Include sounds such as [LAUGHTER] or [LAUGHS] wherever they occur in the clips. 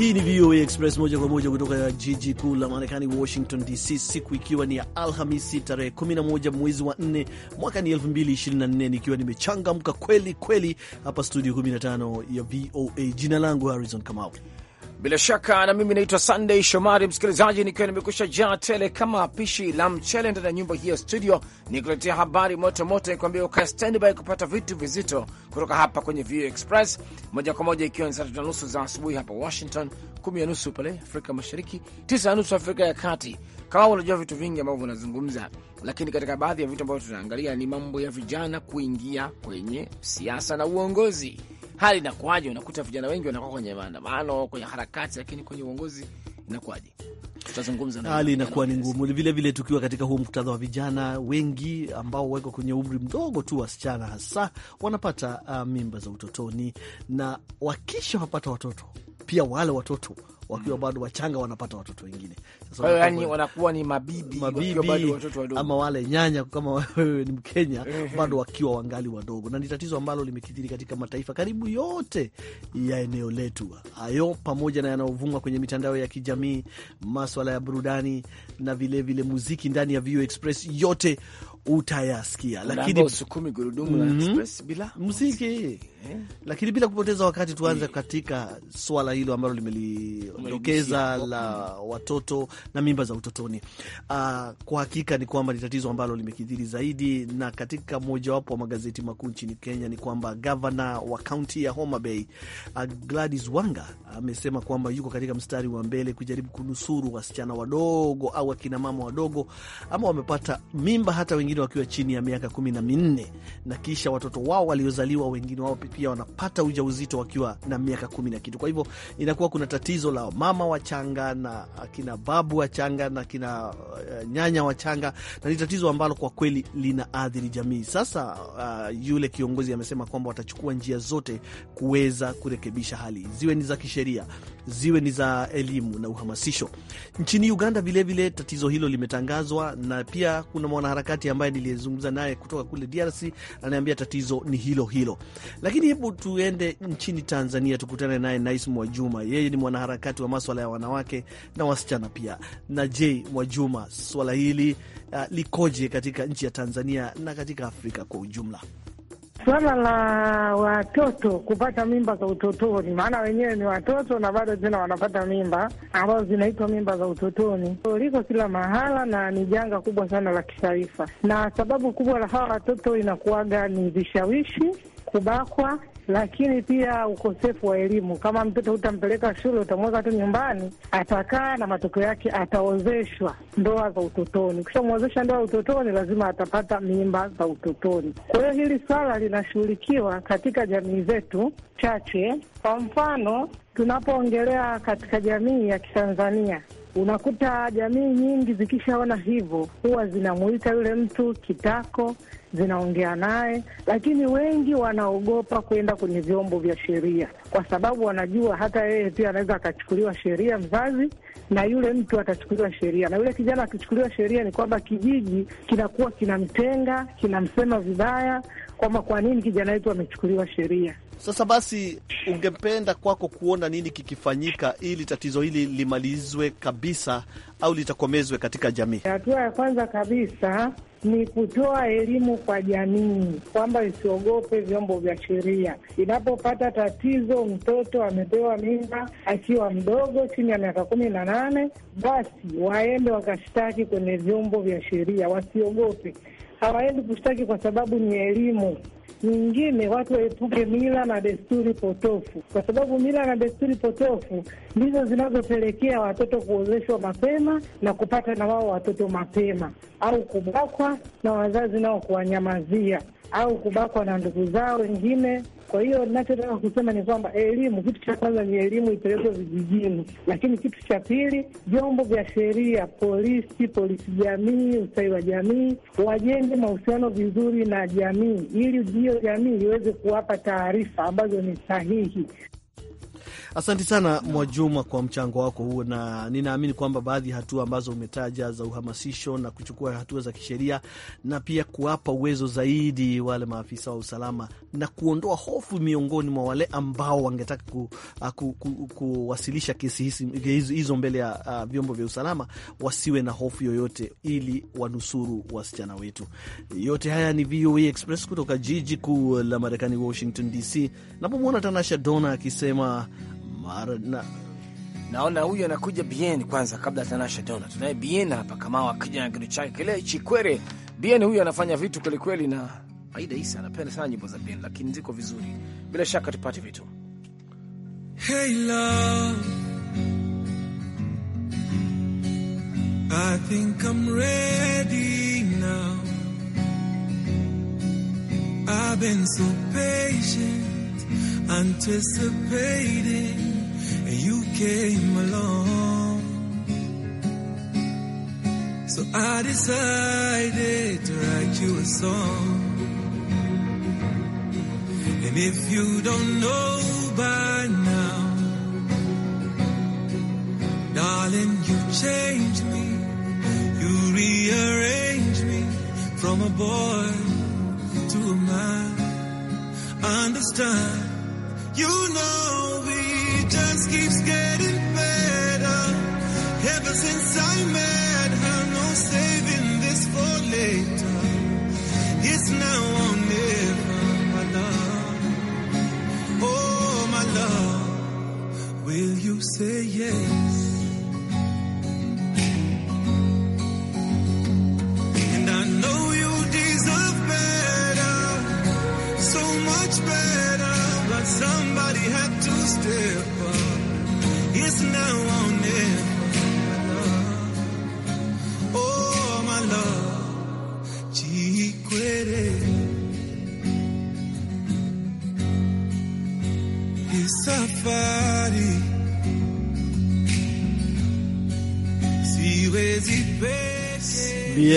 Hii ni VOA Express moja kwa moja kutoka jiji kuu la Marekani, Washington DC, siku ikiwa ni ya Alhamisi tarehe 11 mwezi wa 4 mwaka ni 2024, nikiwa nimechangamka kweli kweli hapa studio 15 ya VOA. Jina langu Harrison Kamau. Bila shaka na mimi naitwa Sunday Shomari, msikilizaji, nikiwa nimekusha jaa tele kama pishi la mchele ndani ya nyumba hii ya studio, nikuletea habari moto moto, nikwambia ukae standby kupata vitu vizito kutoka hapa kwenye VOA Express moja kwa moja, ikiwa ni saa tatu na nusu za asubuhi hapa Washington, kumi na nusu pale Afrika Mashariki, tisa na nusu Afrika ya Kati. Kama unajua vitu vingi ambavyo vinazungumza, lakini katika baadhi ya vitu ambavyo tunaangalia ni mambo ya vijana kuingia kwenye siasa na uongozi hali inakuwaje? Unakuta vijana wengi wanakuwa kwenye maandamano, kwenye harakati, lakini kwenye uongozi inakuwaje? hali inakuwa ni ngumu. vilevile vile tukiwa katika huu mkutadha wa vijana wengi ambao wako kwenye umri mdogo tu, wasichana hasa wanapata uh, mimba za utotoni, na wakisha wapata watoto pia wale watoto wakiwa mm. bado wachanga wanapata watoto wengine. Sasa yani wanakuwa ni mabibi, mabibi bado watoto wadogo, ama wale nyanya kama [LAUGHS] wewe ni Mkenya bado wakiwa wangali wadogo, na ni tatizo ambalo limekithiri katika mataifa karibu yote ya eneo letu, hayo pamoja na yanayovuma kwenye mitandao ya kijamii, maswala ya burudani na vilevile vile muziki ndani ya Vio Express yote utayasikia lakini usukumi gurudumu la mhm. express bila muziki, eh. lakini bila kupoteza wakati tuanze eh. katika swala hilo ambalo limeli umelekeza la watoto na mimba za utotoni. Uh, kwa hakika ni kwamba ni tatizo ambalo limekithiri zaidi, na katika mojawapo wa magazeti makuu nchini Kenya ni kwamba gavana wa kaunti ya Homa Bay uh, Gladys Wanga amesema uh, kwamba yuko katika mstari wa mbele kujaribu kunusuru wasichana wadogo au akinamama wadogo ama wamepata mimba, hata wengine wakiwa chini ya miaka kumi na minne na kisha watoto wao waliozaliwa wengine wao pia wanapata ujauzito wakiwa na miaka kumi na kitu. Kwa hivyo inakuwa kuna tatizo la mama wachanga na akina babu wachanga na akina uh, nyanya wachanga, na ni tatizo ambalo kwa kweli linaathiri jamii. Sasa uh, yule kiongozi amesema kwamba watachukua njia zote kuweza kurekebisha hali, ziwe ni za kisheria, ziwe ni za elimu na uhamasisho. Nchini Uganda vilevile vile, tatizo hilo limetangazwa na pia kuna mwanaharakati ambaye niliyezungumza naye kutoka kule DRC ananiambia tatizo ni hilo hilo, lakini hebu tuende nchini Tanzania tukutane naye Nice Mwajuma, yeye ni mwanaharakati wa maswala ya wanawake na wasichana pia. Na je, Mwajuma, swala hili uh, likoje katika nchi ya Tanzania na katika Afrika kwa ujumla? Swala la watoto kupata mimba za utotoni, maana wenyewe ni watoto na bado tena wanapata mimba ambazo zinaitwa mimba za utotoni, liko kila mahala na ni janga kubwa sana la kitaifa, na sababu kubwa la hawa watoto inakuwaga ni vishawishi kubakwa lakini pia ukosefu wa elimu. Kama mtoto utampeleka shule, utamweka tu nyumbani, atakaa na matokeo yake ataozeshwa ndoa za utotoni. Ukishamwozesha ndoa ya utotoni, lazima atapata mimba za utotoni. Kwa hiyo hili swala linashughulikiwa katika jamii zetu chache. Kwa mfano, tunapoongelea katika jamii ya Kitanzania Unakuta jamii nyingi zikishaona hivyo, huwa zinamuita yule mtu kitako, zinaongea naye, lakini wengi wanaogopa kwenda kwenye vyombo vya sheria, kwa sababu wanajua hata yeye pia anaweza akachukuliwa sheria mzazi, na yule mtu atachukuliwa sheria, na yule kijana akichukuliwa sheria, ni kwamba kijiji kinakuwa kinamtenga, kinamsema vibaya kwamba kwa nini kijana wetu amechukuliwa sheria. Sasa basi, ungependa kwako kuona nini kikifanyika ili tatizo hili limalizwe kabisa au litakomezwe katika jamii? Hatua ya kwanza kabisa ni kutoa elimu kwa jamii kwamba isiogope vyombo vya sheria. Inapopata tatizo, mtoto amepewa mimba akiwa mdogo, chini ya miaka kumi na nane, basi waende wakashtaki kwenye vyombo vya sheria, wasiogope hawaendi kushtaki kwa sababu ni elimu. Nyingine watu waepuke mila na desturi potofu, kwa sababu mila na desturi potofu ndizo zinazopelekea watoto kuozeshwa mapema na kupata na wao watoto mapema, au kubakwa na wazazi nao kuwanyamazia, au kubakwa na ndugu zao wengine kwa hiyo nachotaka kusema ni kwamba elimu, kitu cha kwanza ni elimu ipelekwe vijijini, lakini kitu cha pili, vyombo vya sheria, polisi, polisi jamii, ustawi wa jamii wajenge mahusiano vizuri na jamii, ili hiyo jamii iweze kuwapa taarifa ambazo ni sahihi Asante sana no. Mwajuma, kwa mchango wako huo, na ninaamini kwamba baadhi ya hatua ambazo umetaja za uhamasisho na kuchukua hatua za kisheria na pia kuwapa uwezo zaidi wale maafisa wa usalama na kuondoa hofu miongoni mwa wale ambao wangetaka ku, ah, ku, ku, kuwasilisha kesi hizo mbele ya uh, vyombo vya usalama, wasiwe na hofu yoyote, ili wanusuru wasichana wetu. Yote haya ni VOA e Express kutoka jiji kuu la Marekani, Washington DC. Napomwona Tanasha Dona akisema Marna. Naona huyu anakuja Bien kwanza kabla Tanasha Dona. Tunaye Bien hapa kama akija na kitu chake kile chikwere. Bien huyu anafanya vitu kweli kweli na Aida Isa anapenda sana nyimbo za Bien lakini ziko vizuri. Bila shaka tupate vitu. Hey love. I think I'm ready now. I've been so patient anticipating came along. So I decided to write you a song. And if you don't know by now, darling, you changed me. You rearranged me from a boy to a man. Understand, you know just keeps getting better. Ever since I met her, no saving this for later. It's now or never, my love. Oh, my love, will you say yes? somebody had to stay.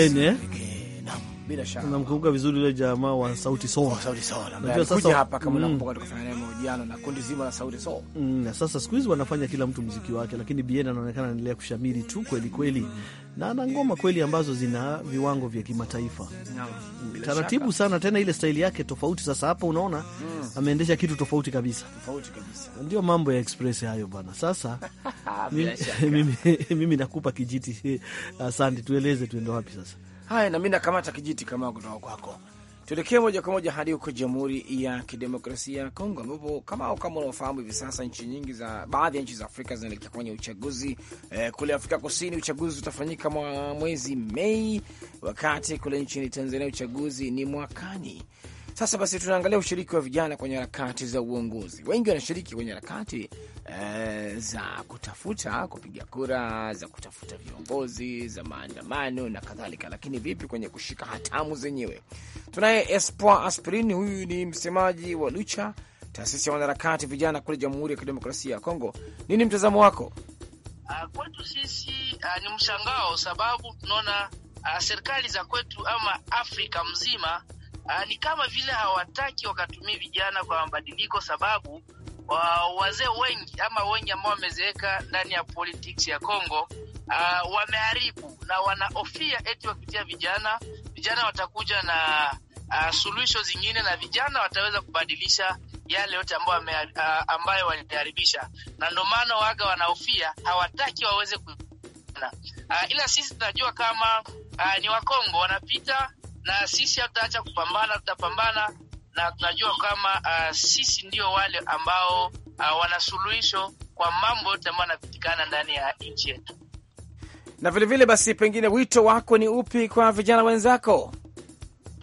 Mbeleni eh? Namkumbuka vizuri yule jamaa wa Sauti Sol. Sauti Sol. Sasa hapa kama mm, tunapokuwa tukafanya ushirikiano na kundi zima la Sauti Sol mm, na sasa siku hizi wanafanya kila mtu mziki wake, lakini Bien anaonekana anaendelea kushamiri tu kweli kweli, na ana ngoma kweli ambazo zina viwango vya kimataifa taratibu shaka sana, tena ile staili yake tofauti. Sasa hapa unaona mm, ameendesha kitu tofauti kabisa, tofauti kabisa. Ndio mambo ya express hayo bana. Sasa [LAUGHS] [LAUGHS] mimi, mimi, nakupa kijiti. [LAUGHS] Asante, tueleze tuende wapi sasa. Haya, na mimi nakamata kijiti kama kutoka kwako. Tuelekee moja kwa moja hadi huko Jamhuri ya Kidemokrasia ya Kongo, ambapo kama au kama unaofahamu hivi sasa nchi nyingi za baadhi ya nchi za Afrika zinaelekea kwenye uchaguzi. Eh, kule Afrika Kusini uchaguzi utafanyika mwezi Mei, wakati kule nchini Tanzania uchaguzi ni mwakani. Sasa basi, tunaangalia ushiriki wa vijana kwenye harakati za uongozi. Wengi wanashiriki kwenye harakati e, za kutafuta kupiga kura, za kutafuta viongozi, za maandamano na kadhalika, lakini vipi kwenye kushika hatamu zenyewe? Tunaye Espoir Aspirin, huyu ni msemaji wa Lucha, taasisi ya wanaharakati vijana kule Jamhuri ya Kidemokrasia ya Kongo. Nini mtazamo wako? Uh, kwetu sisi uh, ni mshangao sababu tunaona uh, serikali za kwetu ama Afrika mzima uh, ni kama vile hawataki wakatumia vijana kwa mabadiliko, sababu uh, wazee wengi ama wengi ambao wamezeeka ndani ya politics ya Kongo uh, ah, wameharibu na wanaofia eti wakitia vijana, vijana watakuja na uh, ah, suluhisho zingine na vijana wataweza kubadilisha yale yote ambayo, uh, ambayo waliharibisha, na ndio maana waga wanaofia hawataki waweze ku Uh, ila sisi tunajua kama uh, ni Wakongo wanapita na sisi hatutaacha kupambana, tutapambana na tunajua kama uh, sisi ndio wale ambao uh, wana suluhisho kwa mambo yote ambayo yanapitikana ndani ya nchi yetu. Na vilevile vile, basi pengine wito wako ni upi kwa vijana wenzako?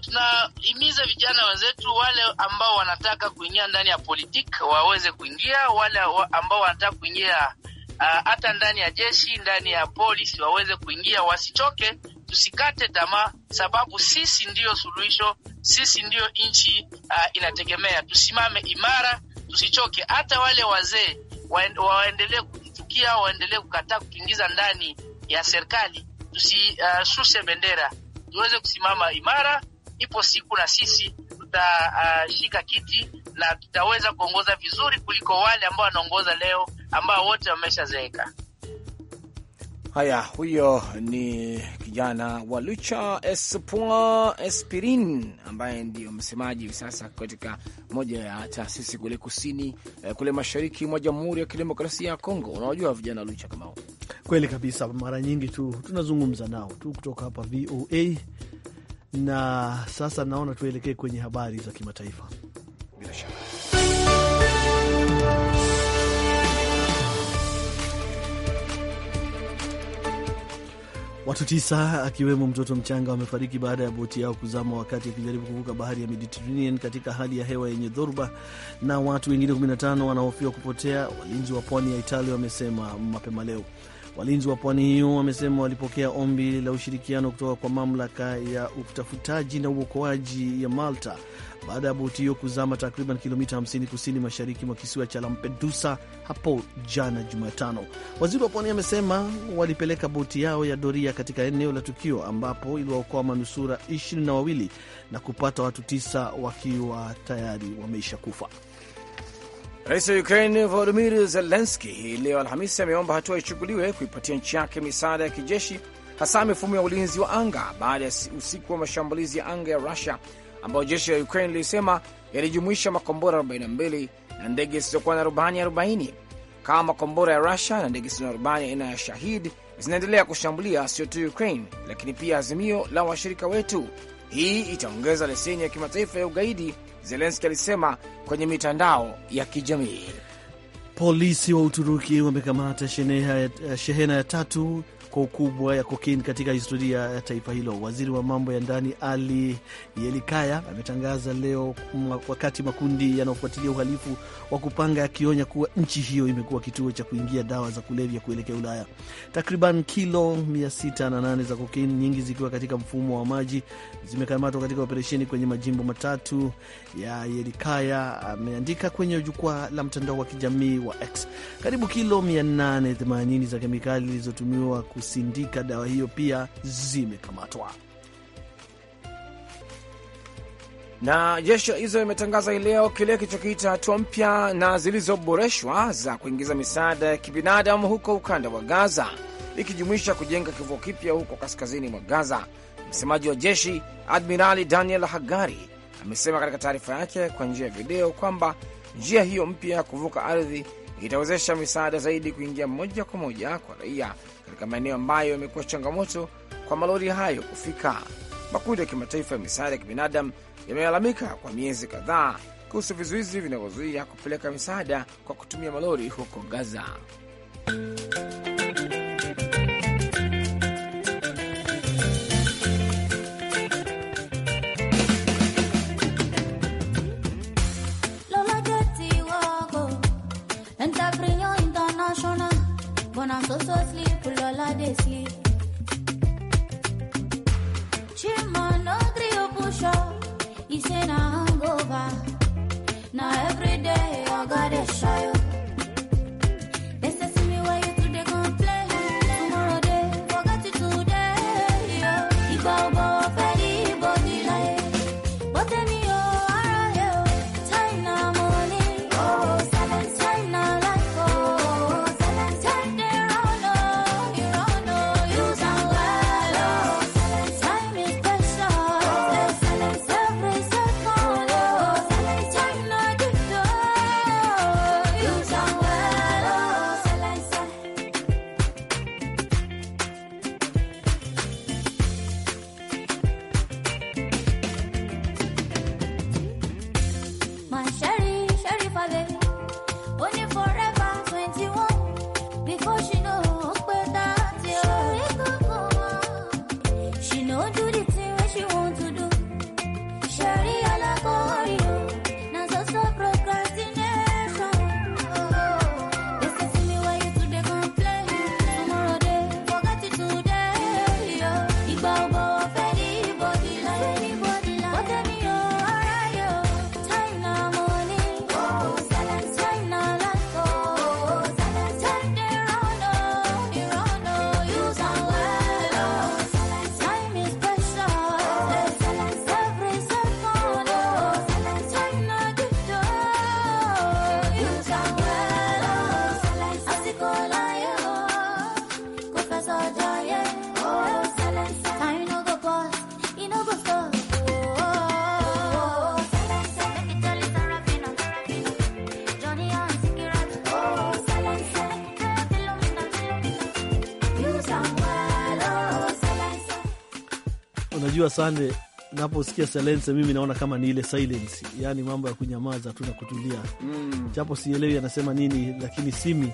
Tunahimiza vijana wenzetu wale ambao wanataka kuingia ndani ya politik waweze kuingia, wale ambao wanataka kuingia uh, hata uh, ndani ya jeshi, ndani ya polisi waweze kuingia, wasichoke tusikate tamaa, sababu sisi ndiyo suluhisho, sisi ndiyo nchi uh, inategemea. Tusimame imara, tusichoke. Hata wale wazee waendelee kutuchukia, waendelee kukataa kuingiza ndani ya serikali, tusishushe uh, bendera, tuweze kusimama imara. Ipo siku na sisi tutashika uh, kiti na tutaweza kuongoza vizuri kuliko wale ambao wanaongoza leo, ambao wote wameshazeeka. Haya, huyo ni kijana wa Lucha Espoir Espirin ambaye ndiyo msemaji hivi sasa katika moja ya taasisi kule kusini eh, kule mashariki mwa Jamhuri ya Kidemokrasia ya Kongo. Unawajua vijana Lucha kama hu kweli kabisa. Mara nyingi tu tunazungumza nao tu kutoka hapa VOA, na sasa naona tuelekee kwenye habari za kimataifa. Watu tisa akiwemo mtoto mchanga wamefariki baada ya boti yao kuzama wakati akijaribu kuvuka bahari ya Mediterranean katika hali ya hewa yenye dhoruba, na watu wengine 15 wanahofiwa kupotea, walinzi wa pwani ya Italia wamesema mapema leo. Walinzi wa pwani hiyo wamesema walipokea ombi la ushirikiano kutoka kwa mamlaka ya utafutaji na uokoaji ya Malta baada ya boti hiyo kuzama takriban kilomita 50 kusini mashariki mwa kisiwa cha Lampedusa hapo jana Jumatano. Waziri wa pwani amesema walipeleka boti yao ya doria katika eneo la tukio ambapo iliwaokoa manusura ishirini na wawili na kupata watu tisa wakiwa tayari wameisha kufa. Rais wa Ukraine Volodimir Zelenski hii leo Alhamisi ameomba hatua ichukuliwe kuipatia nchi yake misaada ya kijeshi, hasa mifumo ya ulinzi wa anga baada ya usiku wa mashambulizi ya anga ya Rusia ambayo jeshi la Ukraine lilisema yalijumuisha makombora 42 na ndege zisizokuwa na rubani 40. Kama makombora ya Rusia na ndege zisizo na rubani aina ya Shahid zinaendelea kushambulia sio tu Ukraine lakini pia azimio la washirika wetu, hii itaongeza leseni ya kimataifa ya ugaidi Zelenski alisema kwenye mitandao ya kijamii. Polisi wa Uturuki wamekamata eh, shehena ya tatu kwa ukubwa ya kokaini katika historia ya taifa hilo. Waziri wa mambo ya ndani Ali Yelikaya ametangaza leo, wakati makundi yanayofuatilia uhalifu wa kupanga yakionya kuwa nchi hiyo imekuwa kituo cha kuingia dawa za kulevya kuelekea Ulaya. Takriban kilo 608 za kokaini, nyingi zikiwa katika mfumo wa maji, zimekamatwa katika operesheni kwenye majimbo matatu ya Yelikaya, ameandika kwenye jukwaa la mtandao wa kijamii wa X. Karibu kilo 880 za kemikali zilizotumiwa ku kusindika dawa hiyo pia zimekamatwa. Na jeshi la Israel imetangaza hii leo kile kilichokiita hatua mpya na zilizoboreshwa za kuingiza misaada ya kibinadamu huko ukanda wa Gaza, ikijumuisha kujenga kivuo kipya huko kaskazini mwa Gaza. Msemaji wa jeshi Admirali Daniel Hagari amesema katika taarifa yake kwa njia ya video kwamba njia hiyo mpya ya kuvuka ardhi itawezesha misaada zaidi kuingia moja kwa moja kwa raia katika maeneo ambayo yamekuwa changamoto kwa malori hayo kufika. Makundi ya kimataifa ya misaada ya kibinadamu yamelalamika kwa miezi kadhaa kuhusu vizuizi vinavyozuia kupeleka misaada kwa kutumia malori huko Gaza. Unajua Sande, naposikia silence mimi naona kama ni ile silence, yani mambo ya kunyamaza tu na kutulia mm. Japo sielewi anasema nini, lakini simi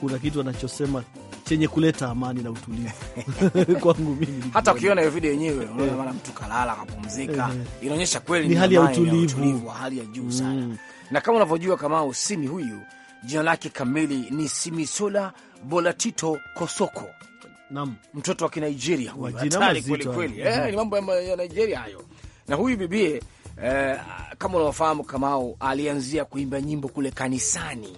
kuna kitu anachosema chenye kuleta amani na utulivu [LAUGHS] kwangu mimi. Hata ukiona hiyo video yenyewe unaona yeah. mtu kalala akapumzika, eh. inaonyesha kweli ni hali ya utulivu wa hali ya juu mm. sana mm. Na kama unavyojua kama usimi huyu jina lake kamili ni Simisola Bolatito Kosoko Naam, mtoto wa Kinigeria huyu, hatari kweli kweli, mhm. eh, ni mambo ya Nigeria hayo. Na huyu bibie eh, kama unaofahamu Kamau alianzia kuimba nyimbo kule kanisani.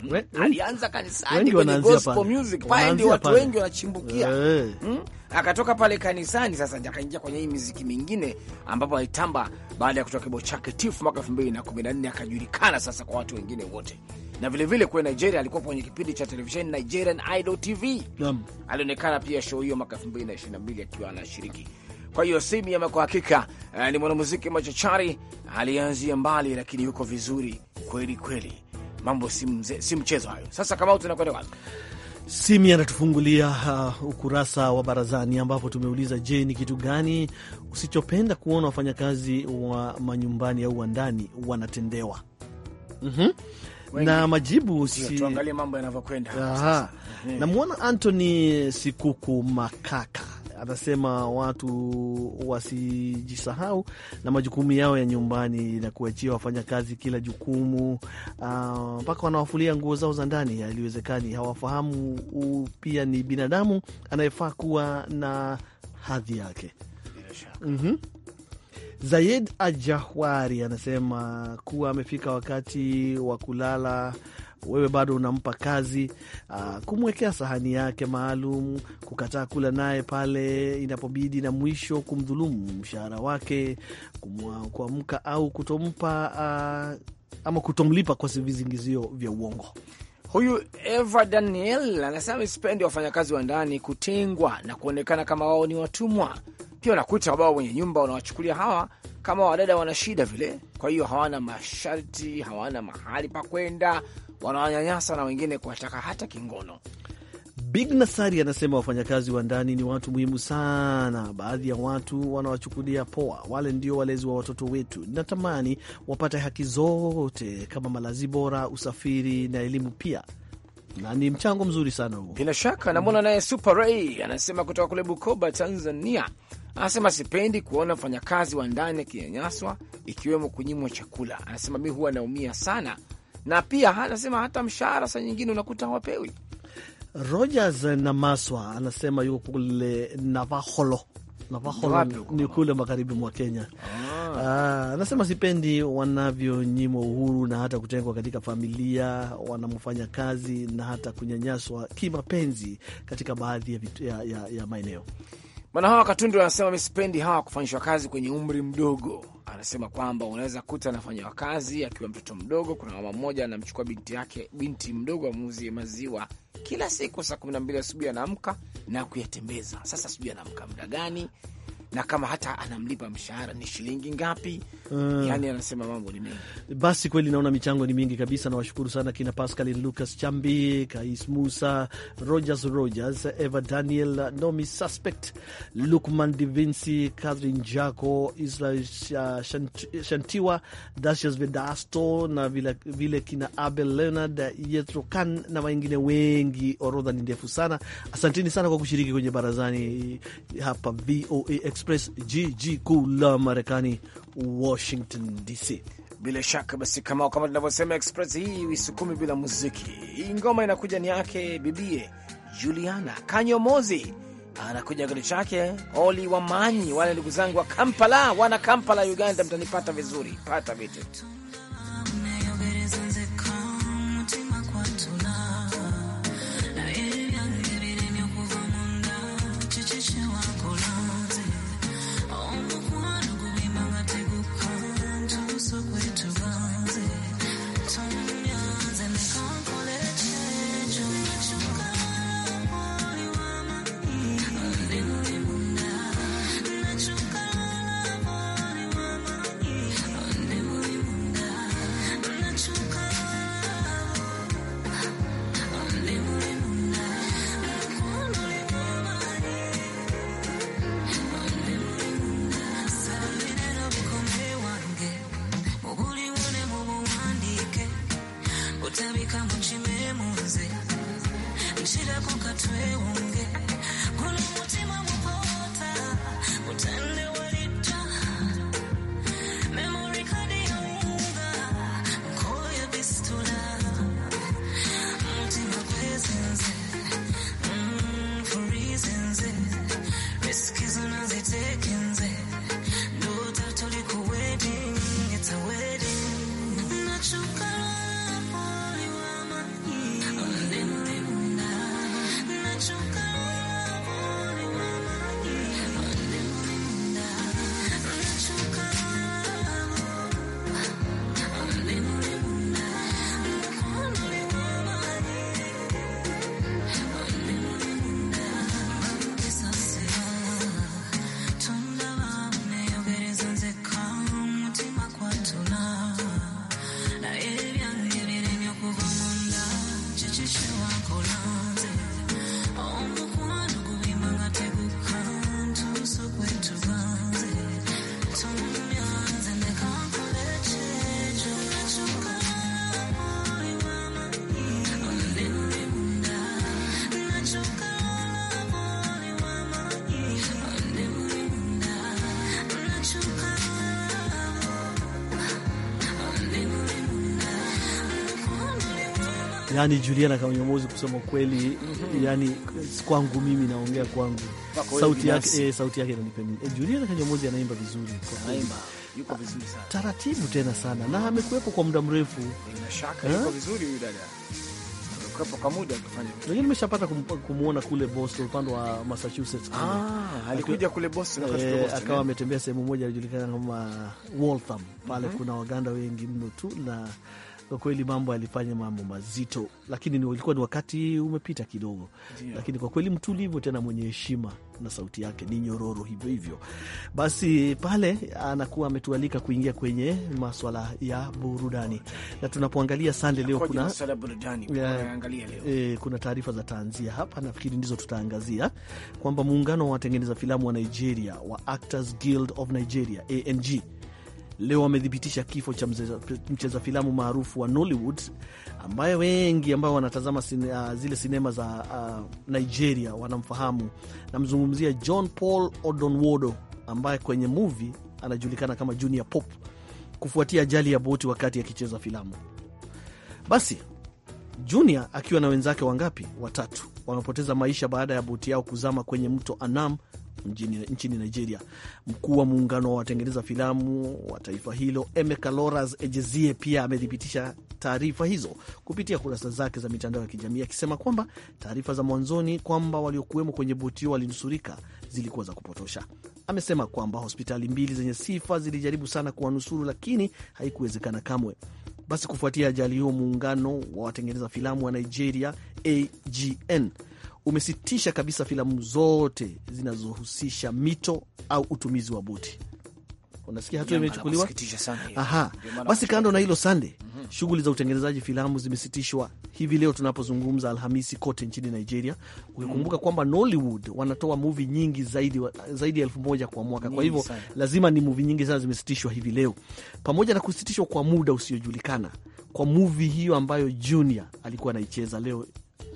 Hmm? We, alianza kanisani kwenye gospel music pale, ndio watu wengi wanachimbukia. Eh. Hmm? Akatoka pale kanisani sasa akaingia kwenye hii miziki mingine, ambapo alitamba baada ya kutoka kibao chake Tifu mwaka elfu mbili na na kumi nne akajulikana sasa kwa watu wengine wote na vilevile kule Nigeria alikuwa kwenye kipindi cha televisheni Nigerian Idol TV. Naam, alionekana pia show hiyo mwaka 2022 akiwa anashiriki. Kwa hiyo Simi ama kwa hakika eh, ni mwanamuziki machachari, alianzia mbali lakini yuko vizuri kweli kweli. Mambo si mchezo hayo. Sasa kama tunakwenda wapi? Simi anatufungulia uh, ukurasa wa barazani ambapo tumeuliza, je, ni kitu gani usichopenda kuona wafanyakazi wa manyumbani au wa ndani wanatendewa? mm -hmm na majibu si... tuangalie mambo yanavyokwenda. Eh. Namwona Anthony Sikuku Makaka anasema watu wasijisahau na majukumu yao ya nyumbani na kuachia wafanya kazi kila jukumu ah, mpaka uh, wanawafulia nguo zao za ndani. Haliwezekani, hawafahamu uh, pia ni binadamu anayefaa kuwa na hadhi yake. mm -hmm. Zayed Ajahwari anasema kuwa amefika wakati wa kulala, wewe bado unampa kazi, ah, kumwekea sahani yake maalum, kukataa kula naye pale inapobidi, na mwisho kumdhulumu mshahara wake, kuamka au kutompa a, ah, ama kutomlipa kwa visingizio vya uongo. Huyu Eva Daniel anasema isipendi wafanyakazi wa ndani kutengwa na kuonekana kama wao ni watumwa. Pia wanakuta wabao wenye nyumba wanawachukulia hawa kama wadada wana shida vile, kwa hiyo hawana masharti, hawana mahali pa kwenda, wanawanyanyasa na wengine kuwataka hata kingono. Big Nasari anasema wafanyakazi wa ndani ni watu muhimu sana. Baadhi ya watu wanawachukulia poa, wale ndio walezi wa watoto wetu. Natamani wapate haki zote kama malazi bora, usafiri na elimu pia na ni mchango mzuri sana huo, bila shaka namwona. Naye Super Ray anasema kutoka kule Bukoba, Tanzania, anasema sipendi kuona mfanyakazi wa ndani akinyanyaswa, ikiwemo kunyimwa chakula. Anasema mi huwa naumia sana, na pia anasema hata mshahara saa nyingine unakuta hawapewi. Rogers na Maswa anasema yuko kule Navaholo Navaholo ni kule magharibi mwa Kenya. Ah. ah, anasema sipendi wanavyonyimwa uhuru na hata kutengwa katika familia, wanamfanya kazi na hata kunyanyaswa kimapenzi katika baadhi ya, ya, ya, ya maeneo. Maana hawa Katundu anasema misipendi hawa kufanyishwa kazi kwenye umri mdogo. Anasema kwamba unaweza kuta anafanyiwa kazi akiwa mtoto mdogo. Kuna mama mmoja anamchukua binti yake, binti mdogo amuuzie maziwa kila siku, saa kumi na mbili asubuhi anaamka na kuyatembeza. Sasa asubuhi anaamka muda gani na kama hata anamlipa mshahara ni shilingi ngapi? Mm. Yani anasema mambo ni mengi. Basi kweli naona michango ni mingi kabisa. Nawashukuru sana kina Pascal Lucas Chambi, Kais Musa, Rogers Rogers, Eva Daniel, Nomi Suspect, Lukman Divinci, Catherine Jaco, Israel Shantiwa, Dasius Vedasto na vile, vile kina Abel Leonard, Yetro Kan na wengine wengi. Orodha ni ndefu sana. Asanteni sana kwa kushiriki kwenye barazani hapa VOA Express, jiji kuu la Marekani, Washington DC. Bila shaka basi, kama kama tunavyosema Express hii wisukumi bila muziki. Hii ngoma inakuja ni yake bibie Juliana Kanyomozi, anakuja kitu chake Oli Wamanyi. Wale ndugu zangu wa Kampala, wana Kampala Uganda, mtanipata vizuri, pata vitu Yani Juliana Kanyomozi, kusema kweli mm -hmm. Yani kwangu mimi naongea kwangu, sauti yake eh, sauti yake inanipenda eh, Juliana Kanyomozi anaimba vizuri, anaimba yuko vizuri sana, taratibu tena sana na amekuwepo kwa muda mrefu, bila shaka yuko eh? vizuri huyu dada lakini nimeshapata kumwona kule Boston, upande wa Massachusetts ah, eh, akawa eh? ametembea sehemu moja ilijulikana kama Waltham pale. mm -hmm. Kuna Waganda wengi mno tu na kwa kweli mambo alifanya mambo mazito, lakini ilikuwa ni wakati umepita kidogo Lakini kwa kweli mtulivu tena mwenye heshima na sauti yake ni nyororo hivyo hivyo. Basi pale anakuwa ametualika kuingia kwenye maswala ya burudani, na tunapoangalia sande leo kuna, E, kuna taarifa za tanzia hapa, nafikiri ndizo tutaangazia kwamba muungano wa watengeneza filamu wa Nigeria wa Actors Guild of Nigeria ANG leo wamethibitisha kifo cha mcheza filamu maarufu wa Nollywood ambaye wengi ambao wanatazama sin, uh, ah, zile sinema za uh, Nigeria wanamfahamu. Namzungumzia John Paul Odonwodo ambaye kwenye movie anajulikana kama Junior Pop kufuatia ajali ya boti wakati akicheza filamu. Basi Junior akiwa na wenzake wangapi, watatu, wamepoteza maisha baada ya boti yao kuzama kwenye mto Anam mjini, nchini Nigeria. Mkuu wa muungano wa watengeneza filamu wa taifa hilo Emeka Loras Ejezie pia amethibitisha taarifa hizo kupitia kurasa zake za mitandao ya kijamii akisema kwamba taarifa za mwanzoni kwamba waliokuwemo kwenye boti hiyo walinusurika zilikuwa za kupotosha. Amesema kwamba hospitali mbili zenye sifa zilijaribu sana kuwanusuru, lakini haikuwezekana kamwe. Basi kufuatia ajali hiyo, muungano wa watengeneza filamu wa Nigeria AGN umesitisha kabisa filamu zote zinazohusisha mito au utumizi wa boti. Unasikia hatua imechukuliwa. Aha, basi kando na hilo sande, mhm. shughuli za utengenezaji filamu zimesitishwa hivi leo tunapozungumza Alhamisi kote nchini Nigeria, ukikumbuka mm kwamba Nollywood wanatoa muvi nyingi zaidi, zaidi ya elfu moja kwa mwaka Kwa hivyo lazima ni muvi nyingi sana zimesitishwa hivi leo, pamoja na kusitishwa kwa muda usiojulikana kwa muvi hiyo ambayo Junior alikuwa anaicheza leo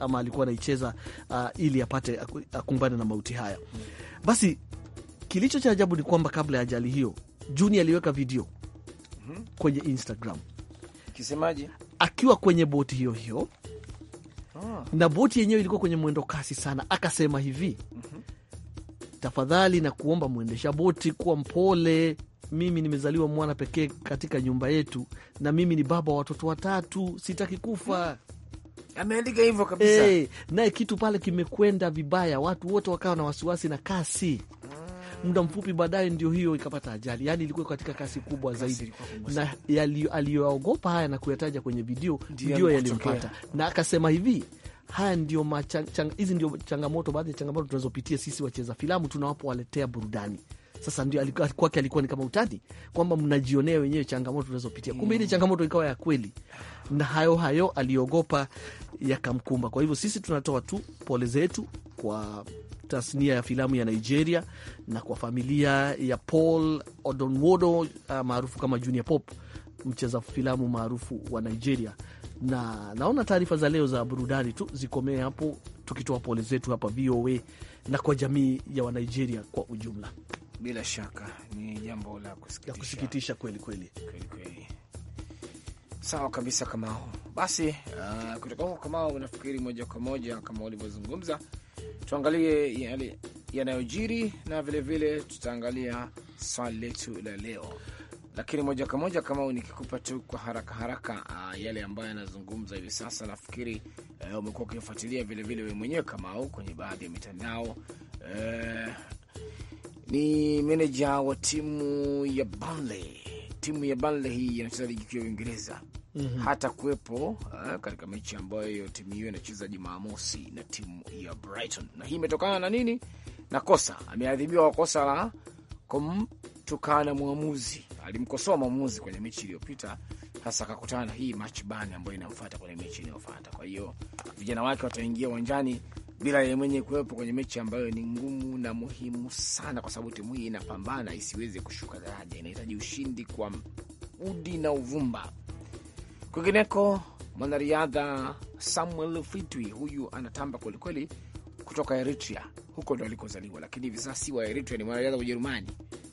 ama alikuwa anaicheza uh, ili apate akumbane na mauti haya. Basi kilicho cha ajabu ni kwamba kabla ya ajali hiyo, Juni aliweka video mhm. kwenye Instagram kisemaje, akiwa kwenye boti hiyo hiyo ah, na boti yenyewe ilikuwa kwenye mwendo kasi sana. Akasema hivi mm -hmm. Tafadhali na kuomba mwendesha boti kuwa mpole. Mimi nimezaliwa mwana pekee katika nyumba yetu, na mimi ni baba wa watoto watatu, sitaki kufa. Mm ameandika hivyo kabisa. Hey, naye kitu pale kimekwenda vibaya, watu wote wakawa na wasiwasi na kasi muda mfupi baadaye ndio hiyo ikapata ajali, yaani ilikuwa katika kasi kubwa kasi zaidi na aliyoogopa haya na kuyataja kwenye video, video yalimpata na akasema hivi haya ndio hizi chang, ndio changamoto, baadhi ya changamoto tunazopitia sisi wacheza filamu tunawapowaletea burudani sasa ndio kwake, alikuwa ni kama utani kwamba mnajionea wenyewe changamoto unazopitia, kumbe ile changamoto ikawa ya kweli, na hayo hayo aliogopa yakamkumba. Kwa hivyo sisi tunatoa tu pole zetu kwa tasnia ya filamu ya Nigeria na kwa familia ya Paul Odonwodo ah, maarufu kama Junior Pop, mcheza filamu maarufu wa Nigeria. Na naona taarifa za leo za burudani tu zikomee hapo, tukitoa pole zetu hapa VOA na kwa jamii ya Wanigeria kwa ujumla. Bila shaka ni jambo la kusikitisha, kusikitisha kweli kweli kweli kweli. Sawa kabisa Kamao. Basi uh, kutoka huko Kamao unafikiri moja kwa moja kama ulivyozungumza, tuangalie yale yanayojiri na vilevile tutaangalia swali letu la leo, lakini moja kwa moja Kamao, nikikupa tu kwa haraka haraka uh, yale ambayo yanazungumza hivi sasa. Nafikiri uh, umekuwa ukifuatilia vilevile wewe mwenyewe Kamao kwenye baadhi ya mitandao uh, ni meneja wa timu ya Burnley. Timu ya Burnley hii inacheza ligi kuu ya Uingereza. Mm -hmm. Hata kuwepo eh, katika mechi ambayo timu hiyo inacheza Jumamosi na timu ya Brighton, na hii imetokana na nini? Na kosa ameadhibiwa kwa kosa la kumtukana mwamuzi, alimkosoa mwamuzi kwenye mechi iliyopita. Sasa akakutana na hii match ban ambayo inamfuata kwenye mechi inayofuata. Kwa hiyo vijana wake wataingia uwanjani bila yeye mwenye kuwepo kwenye mechi ambayo ni ngumu na muhimu sana, kwa sababu timu hii inapambana isiweze kushuka daraja, inahitaji ushindi kwa udi na uvumba. Kwingineko, mwanariadha Samuel Fitwi huyu anatamba kwelikweli, kutoka Eritrea, huko ndo alikozaliwa, lakini hivi sasa si wa Eritrea, ni mwanariadha wa Ujerumani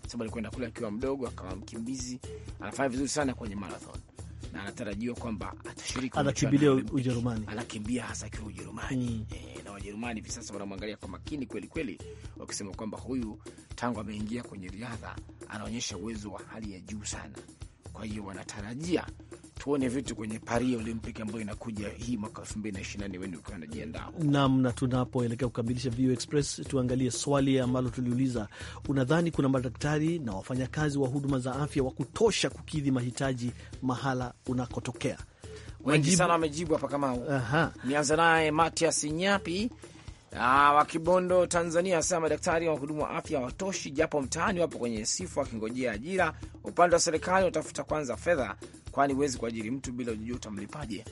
sababu alikwenda kule akiwa mdogo akawa mkimbizi. Anafanya vizuri sana kwenye marathon na anatarajiwa kwamba atashiriki, anakimbilia Ujerumani, anakimbia hasa akiwa Ujerumani mm. E, Wajerumani hivi sasa wanamwangalia kwa makini kweli kweli, wakisema kwamba huyu tangu ameingia kwenye riadha anaonyesha uwezo wa hali ya juu sana. Kwa hiyo wanatarajia tuone vitu kwenye Paris Olympic ambayo inakuja hii mwaka 2024 weni ukiwa anajiandaa nam. Na tunapoelekea kukamilisha VOA Express, tuangalie swali ambalo tuliuliza: unadhani kuna madaktari na wafanyakazi wa huduma za afya wa kutosha kukidhi mahitaji mahala unakotokea? wengi sana wamejibu hapa kama Nianze naye Matias Nyapi ah, wa Kibondo Tanzania asema madaktari wa wahudumu wa afya hawatoshi, japo mtaani wapo kwenye sifu wakingojea ajira. Upande wa serikali watafuta kwanza fedha, kwani huwezi kuajiri mtu bila ujua utamlipaje.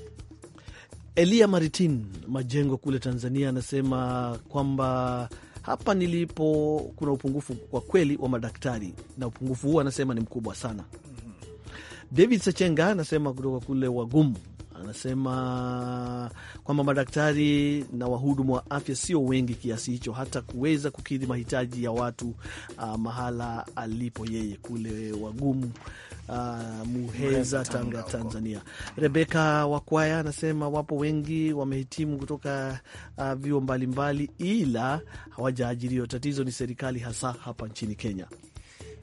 Elia Maritin Majengo kule Tanzania anasema kwamba hapa nilipo kuna upungufu kwa kweli wa madaktari, na upungufu huu anasema ni mkubwa sana. Mhm. David sachenga anasema kutoka kule Wagumu Anasema kwamba madaktari na wahudumu wa afya sio wengi kiasi hicho hata kuweza kukidhi mahitaji ya watu uh, mahala alipo yeye kule wagumu Uh, Muheza, Tanga, Tanzania. Rebeka Wakwaya anasema wapo wengi wamehitimu kutoka uh, vyuo mbalimbali ila hawajaajiriwa. Tatizo ni serikali, hasa hapa nchini Kenya.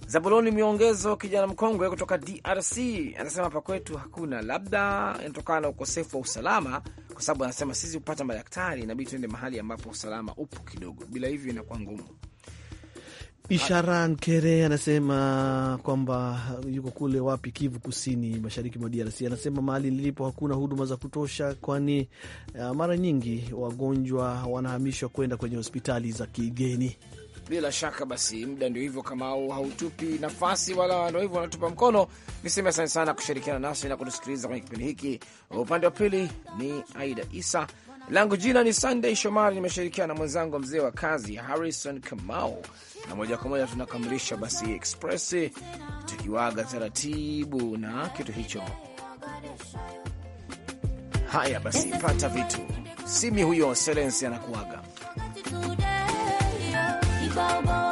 Zabuloni Miongezo, kijana mkongwe kutoka DRC, anasema hapa kwetu hakuna, labda inatokana na ukosefu wa usalama, kwa sababu anasema sisi kupata madaktari, inabidi tuende mahali ambapo usalama upo kidogo, bila hivyo inakuwa ngumu. ishara nkere anasema kwamba yuko kule wapi, Kivu Kusini, mashariki mwa DRC. Anasema mahali nilipo hakuna huduma za kutosha, kwani eh, mara nyingi wagonjwa wanahamishwa kwenda kwenye hospitali za kigeni. Bila shaka basi, muda ndio hivyo, kama hautupi nafasi wala ndio hivyo wanatupa mkono. Niseme asante sana kushirikiana nasi na kutusikiliza kwenye kipindi hiki. Upande wa pili ni Aida Isa, langu jina ni Sunday Shomari, nimeshirikiana na mwenzangu mzee wa kazi Harrison Kamau, na moja kwa moja tunakamilisha basi Express tukiwaga taratibu na kitu hicho. Haya basi, pata vitu simi huyo Selensi anakuaga 包包。